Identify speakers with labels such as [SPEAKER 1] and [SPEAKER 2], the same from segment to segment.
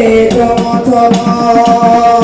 [SPEAKER 1] tomo tomo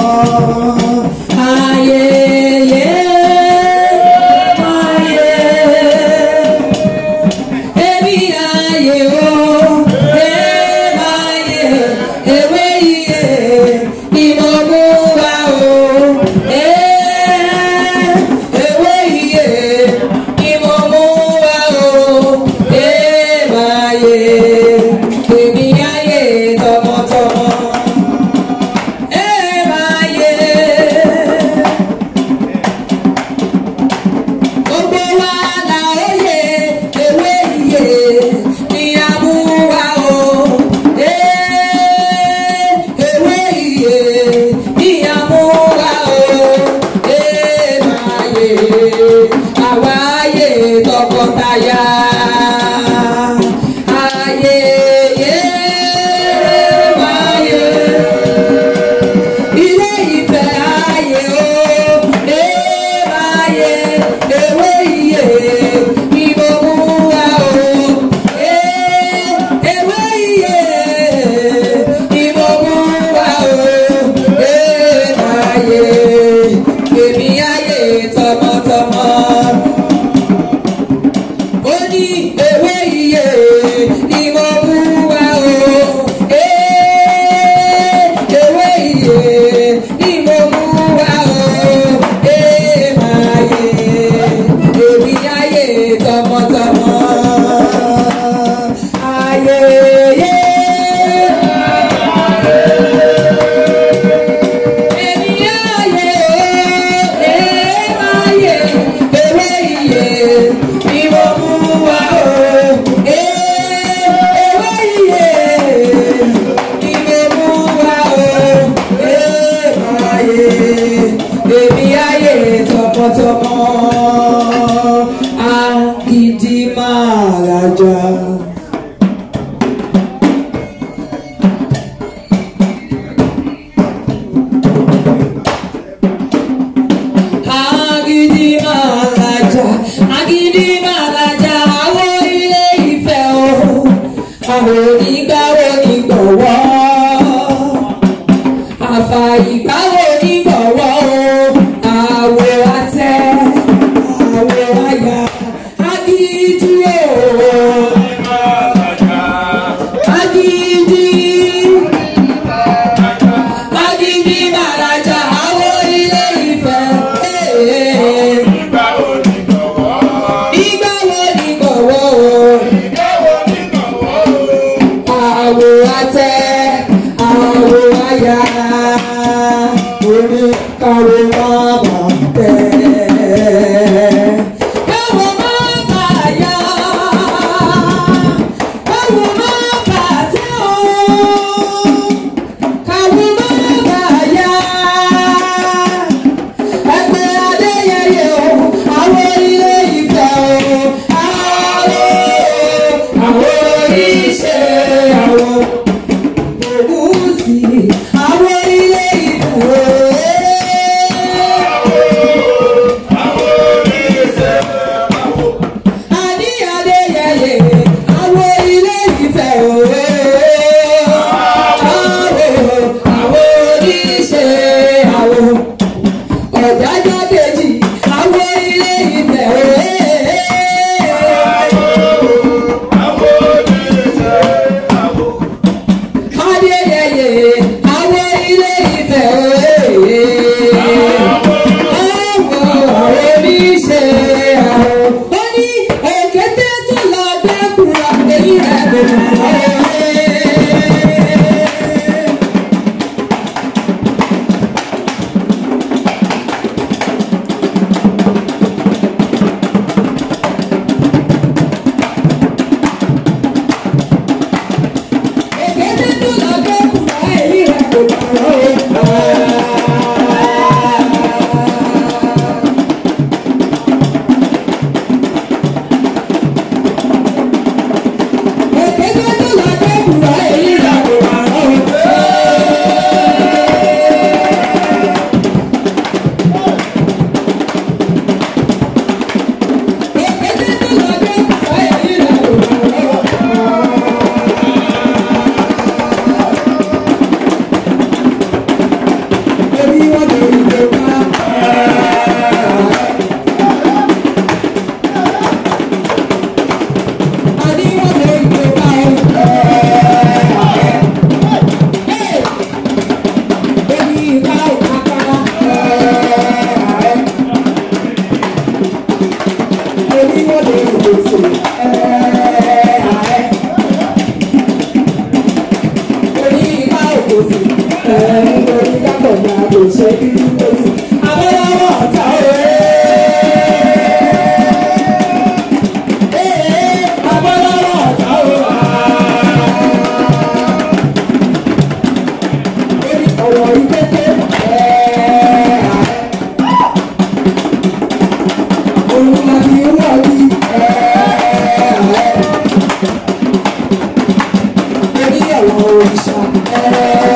[SPEAKER 1] ọ̀gùn àtẹ. so Spirit.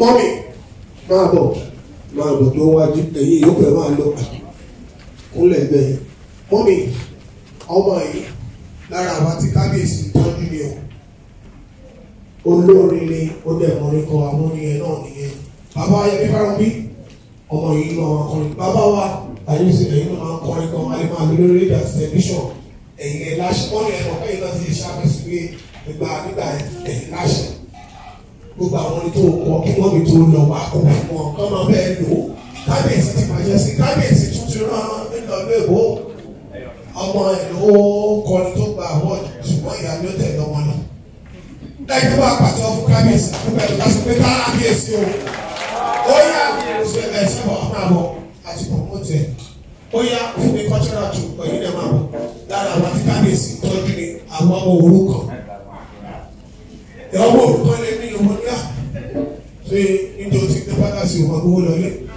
[SPEAKER 2] mọ́mì máa bọ̀ máa bọ̀ tó wájú ẹ̀yìn yòókù ẹ̀ máa lọ kúnlẹ̀ bẹ́ẹ̀ mọ́mì ọmọ yìí lára àwọn tí kábíyèsí tọ́jú ni o olórin ni ó dẹ̀ mọ́rin kan amórin yẹn náà nìyẹn bàbá ayẹyẹ fẹ́ràn bí ọmọ yìí lọ àwọn akọrin bàbá wa àyùsí ẹ̀yin náà máa ń kọrin kan alẹ́ máa lórí rédíò àti tẹlifíṣàn ẹ̀yin ẹ̀ láṣẹ wọ́n ní ẹ̀rọ pé iná ti ṣe ṣàkóso pé ìgbà nígbà láṣẹ gbogbo àwọn orin tó kọ kí wọ́n mi tó lọ wà kó wọn kọ́ máa bẹ́ẹ̀ lò ó kábíyèsí ti pàṣẹ sí kábíyèsí tún ti rán nílò léèbó ọmọ ìlú kọrin tó gba àwọn ṣùgbọ́n ìyá mi tẹ̀lé ọmọ náà lẹ́yìn tó pàtó fún kábíyèsí fún bẹ́ẹ̀ lọ́wọ́ sọ pé kábíyèsí o ó yá ṣe ẹ̀sìn bọ̀ máa bọ̀ àti promote ẹ̀ ó yá fún mi cultural tour pẹ̀lú ẹ̀ máa bọ̀ lára àwọn àti kábíyèsí tọ́jú ni àwọn ọmọ òru kan ìyọ́wọ́ òru going to let you.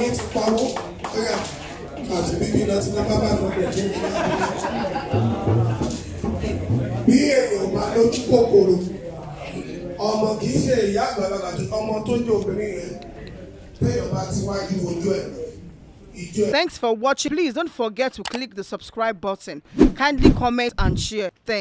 [SPEAKER 2] yẹn ti pawó kọ́ra àti bíbí lọ sí nọ́mbà bá lọ́dọ̀ tó ń bá. Bí èèyàn máa lójú kòkòrò, ọmọ kì ṣe ìyá àgbàlagbà tó ọmọ tó jẹ́ obìnrin yẹn, téèyàn bá ti wájú
[SPEAKER 1] ojú ẹ̀. Thanks for watching. Please don't forget to click the subscribe button. Kindly comment and share. Thanks.